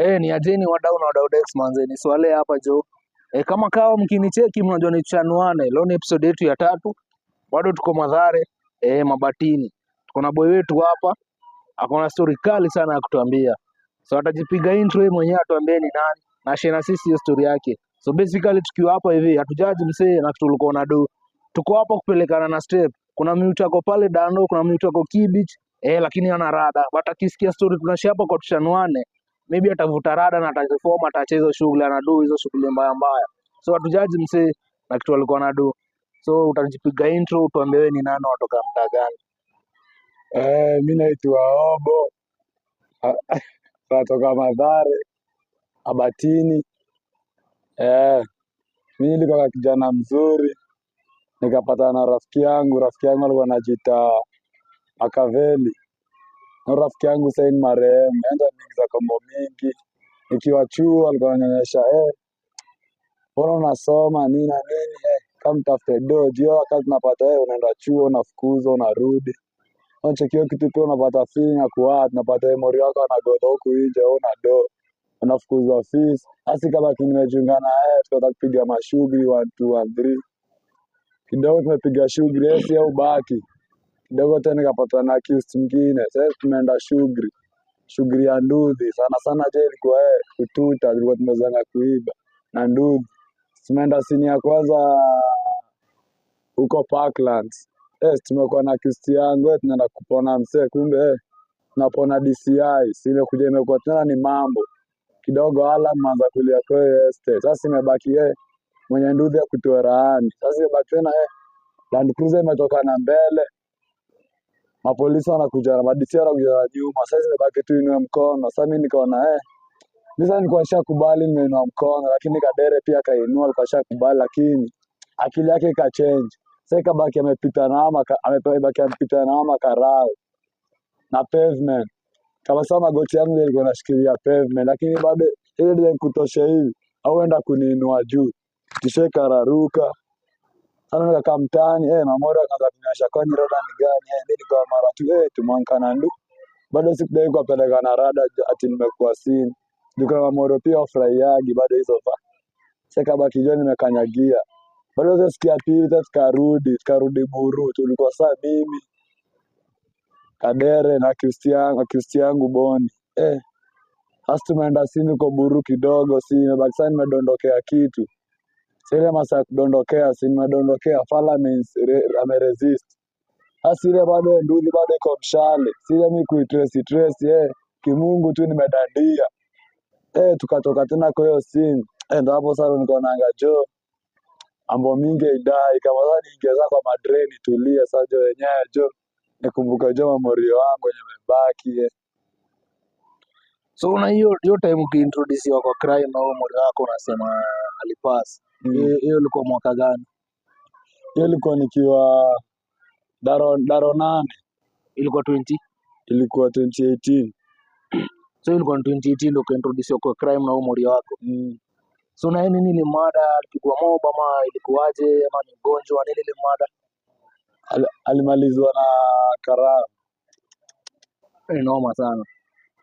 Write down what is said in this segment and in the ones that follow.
Eh, ni ajeni wadau na wadau Dex manzeni swale hapa jo. Eh, kama kawa mkinicheki mnajua ni chanuane. Leo ni episode yetu ya tatu. Bado tuko Madhare, eh, Mabatini. Tuko na boy wetu hapa. Akona story kali sana ya kutuambia. So atajipiga intro yeye mwenyewe atuambie ni nani na share na sisi hiyo story yake. So basically tukiwa hapa hivi hatujaji msee na tulikuwa na do. Tuko hapa kupelekana na step. Kuna mtu yako pale Dano, kuna mtu yako Kibich. Eh, lakini ana rada. Watakisikia story tunashare hapa kwa tuchanuane maybe atavuta rada na ataperform, atacheza shughuli anadu hizo shughuli mbaya mbaya, so atujaji mse na kitu alikuwa anadu. So utajipiga intro, utuambie wewe ni nani, watoka mtaa gani? Eh, mimi naitwa Obo, natoka Madhare Abatini. Eh, mimi nilikuwa kijana mzuri, nikapata na rafiki yangu. Rafiki yangu alikuwa anajiita Makaveli na rafiki yangu Sain marehemu, enda mingi za kombo mingi, ikiwa chuo alikuwa ananyonyesha eh, bora unasoma nini na nini eh, kama mtafute do jio wakati tunapata eh, unaenda chuo unafukuzwa unarudi kio kitu pia unapata feeling ya kuwa tunapata mori wako anagoda huku nje una do unafukuzwa fees hasi kama kimejungana eh, tukataka kupiga mashughuli 1 2 3 kidogo tumepiga shughuli esi au baki kidogo tena nikapatwa na accused mwingine. Sasa tumeenda shughuli shughuli ya nduthi sana sana, je ilikuwa eh, kututa ilikuwa tumezanga kuiba na nduthi. Tumeenda sini ya kwanza huko Parklands eh, tumekuwa na accused yangu eh, tunaenda kupona mse, kumbe eh, tunapona DCI sile kuja, imekuwa tena ni mambo kidogo ala manza kulia kwa este. Eh, Sasa imebaki eh, mwenye nduthi ya kutoa rahani, Sasa imebaki tena eh, Land Cruiser imetoka na mbele mapolisi wanakuja na madisi wanakuja na nyuma, saa hizi tu inue mkono. Sasa mimi nikaona eh, mimi sasa nilikuwa nishakubali nimeinua mkono, lakini kadere pia kainua, alikuwa shakubali, lakini akili yake ika change. Sasa ikabaki amepita na ama amebaki amepita na ama karao na pavement kama sasa magoti yangu yalikuwa nashikilia pavement, lakini bado ile ile kutosha hivi au enda kuniinua juu kisha kararuka sana kaka mtaani eh, mamoda kaanza kunyosha kwani roda ni gani eh, ndio kwa mara tu eh, tumwanka na ndu bado sikudai kwa kuwapeleka na rada ati nimekuwa sini kwa mamodo pia ofrai yagi bado hizo fa jioni nimekanyagia bado hizo sikia pili ta karudi karudi buru tulikuwa saa mimi kadere na kiusti yangu kiusti boni eh hasa tumeenda sini kwa buru kidogo si baksani saa nimedondokea kitu Sile masa ya kudondokea, si nimedondokea, Fala ameresist. Sasa ile bado nduthi bado iko mshale. Sile mi kuitrace trace eh, kimungu tu nimedadia. Eh, tukatoka tena kwa hiyo scene. Eh, ndo hapo sasa niko naanga jo. Ambo minge idai kama sasa niingeza kwa madreni tulia sasa jo yenyewe jo. Nikumbuka jo mamorio wangu yenye mebaki eh. So una hiyo hiyo time ukiintroduce kwa crime au mori wako unasema alipasi. Mm. Hiyo mm. ilikuwa mwaka gani? Hiyo ilikuwa nikiwa daro, daro nane. Ilikuwa 20 ilikuwa 2018. So ilikuwa 2018 ndio kaintrodusiwa kwa crime na umoria wako mm. So na nini ni mada alipigwa moba ma ilikuwaje ama ni mgonjwa nini limada? Al, alimalizwa na karaa. Ni noma sana.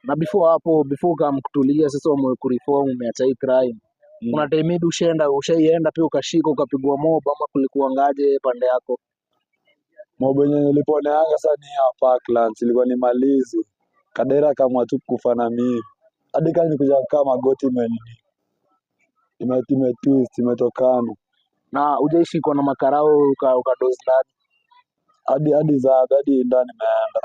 Na before hapo before kamkutulia sasa, umekuriform umeacha hii crime Mm. Kuna time hivi ushaenda ushaienda pia ukashika ukapigwa mob ama kulikuangaje pande yako? Mob yenye niliponeanga sana ni ya Parklands, ilikuwa ni malizi. Kadera kama tu kufana na mimi. Hadi kama nikuja kama goti imenini. Ime ime twist imetokana. Na ujaishi kwa na makarao ukadozi ndani. Hadi hadi za hadi ndani meenda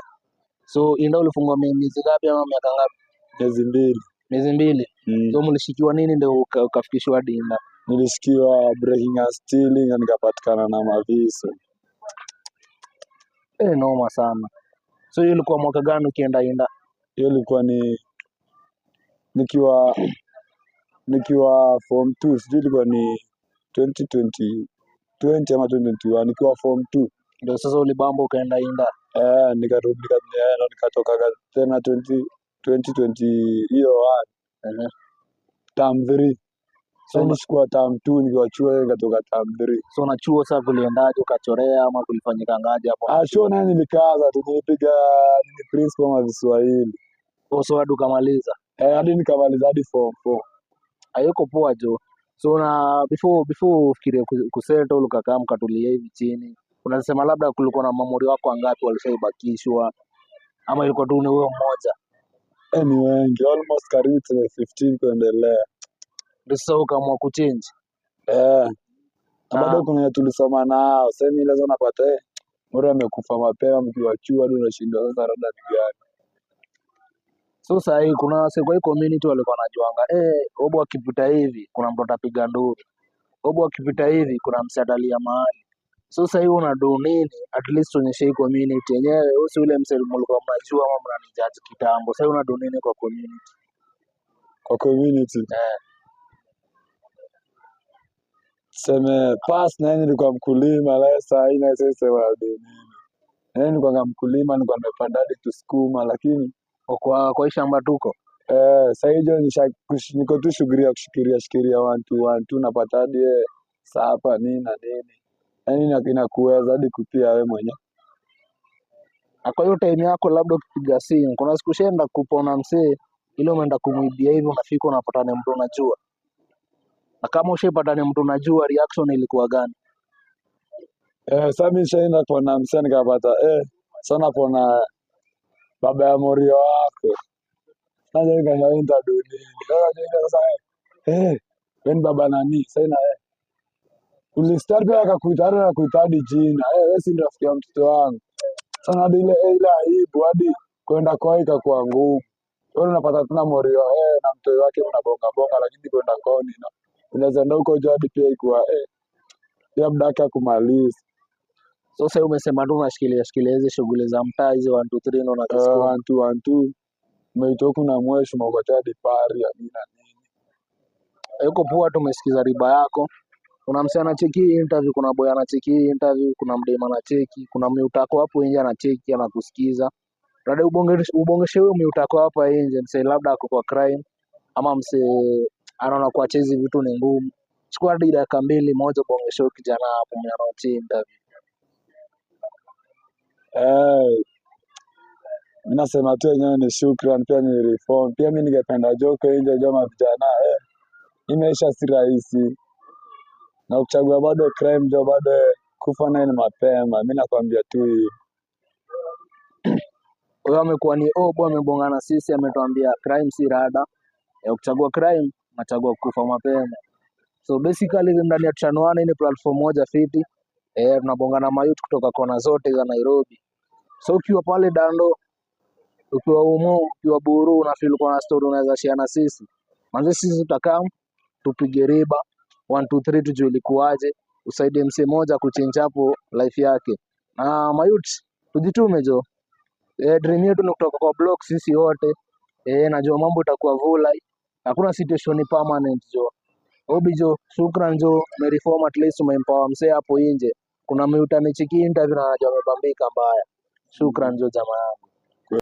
So inda ulifungwa miezi ngapi ama miaka ngapi? Miezi mbili miezi mbili mm. So mlishikiwa nini ndio ukafikishwa hadi na? Nilisikiwa breaking and stealing na nikapatikana na maviso. Eh, noma sana. So hiyo ilikuwa mwaka gani ukienda inda? Hiyo ilikuwa ni nikiwa nikiwa form 2, sijui ilikuwa ni 2020 20 ama 2021 nikiwa form 2. Ndio sasa ulibamba ukaenda inda? Eh, nikarudi nikatokaga tena 20 hiyo term three. So nilikuwa term two nikiwa chuo nikatoka term three. So na chuo sasa kuliendaje ukachorea ama kulifanyika ngaje hapo? Ah, chuo naye nilikaza tu nilipiga nini principal Kiswahili. Oh, so hadi ukamaliza? Eh, hadi nikamaliza hadi form four. Hayuko ah, poa jo. So na before before ufikirie kusettle ukakaa mkatulia hivi chini. Unasema labda kulikuwa na mamori wako wangapi walishaibakishwa ama ilikuwa tu ni mmoja? Eh, ni wengi almost karibu 15 kuendelea ndio sasa ukaamua kuchange eh, na bado ah. kuna tulisoma nao sasa ile zona napata eh, bora amekufa mapema mkiwachua hadi unashindwa sasa rada ni gani so sasa hii kuna wase kwa community walikuwa wanajuanga eh obo akipita hivi kuna mtu atapiga nduru obo akipita hivi kuna msatalia mahali So Sasa hiyo una donate at least onyeshei community yenyewe, usi ule msee mlikuwa mnajua ama mnanijaji kitambo. Sasa una donate kwa community, kwa community eh. Seme past yeye nilikuwa mkulima, la saa hii naye sasa donate. Naye nilikuwa mkulima, nilikuwa nimepanda hadi tusukuma, lakini kwa kwa shamba tuko eh, sasa hiyo niko tu shughuli ya kushikiria shikiria one two napata hadi eh, hapa nini na nini yani inakuweza hadi kupia wewe mwenye kwa hiyo time yako labda ukipiga simu, kuna siku shenda kupona msee ile umeenda kumwibia hivi, unafika unapata mtu unajua. Na kama ushapata ni mtu unajua, reaction ilikuwa gani? Eh, sasa mimi shaenda kuona msee nikapata eh, sana pona baba ya morio wako sasa, ndio dunia sasa, eh, eh, wewe baba nani sasa eh Kulistari pia akakuita na kuitadi jina. Eh, wewe si rafiki ya mtoto wangu. Sana ile ile aibu hadi kwenda kwao ikakuwa ngumu. Wewe unapata tena morio eh na mtoto wake unabonga bonga lakini kwenda kwao ni na. Inaweza ndio uko jadi pia ikuwa eh. Ya mdaka kumaliza. Sasa umesema tu unashikilia shikilia hizi shughuli za mtaa hizi 1 2 3 na unatasikia 1 2 1 2. Umeitoka na mweshi mwa jadi pari ya nini na nini. Yuko poa tumesikiza riba yako kuna msee anacheki hii interview, kuna boy anacheki hii interview, kuna mdema anacheki, kuna mniutako hapo nje anacheki, anakusikiza rada, ubongeshe ubongeshe huyo mniutako hapo nje, msee labda ako kwa crime ama msee anaona kuacha hizi vitu ni ngumu, chukua hadi dakika mbili moja, bongeshe kijana hapo mwenye anaochi interview. Eh, mimi nasema tu yenyewe ni shukrani, pia ni reform, pia mimi ningependa joke nje joma vijana eh, imeisha si rahisi na ukichagua bado crime ndio bado kufa naye ni mapema, Mimi nakwambia tu hiyo huyo amekuwa ni obo, amegonga na sisi, ametuambia crime si rada ya e, kuchagua crime, nachagua kufa mapema. So basically ndani ya Chanuana ni platform moja fiti eh, tunagongana mayut kutoka kona zote za Nairobi. So ukiwa pale Dando, ukiwa umo, ukiwa Buru, feel kuna story unaweza share na sisi, manze sisi tutakam tupige riba one two three, tujue ilikuwaje, usaidie msee moja kuchange hapo life yake. Na mayut tujitume jo, e, dream yetu ni kutoka kwa block sisi wote e, eh, najua mambo itakuwa vula, hakuna situation permanent jo. Obi jo, shukran jo, umereform at least umeempower msee hapo nje. Kuna mtu amechiki interview na anajua amebambika mbaya. Shukran jo jamaa yangu.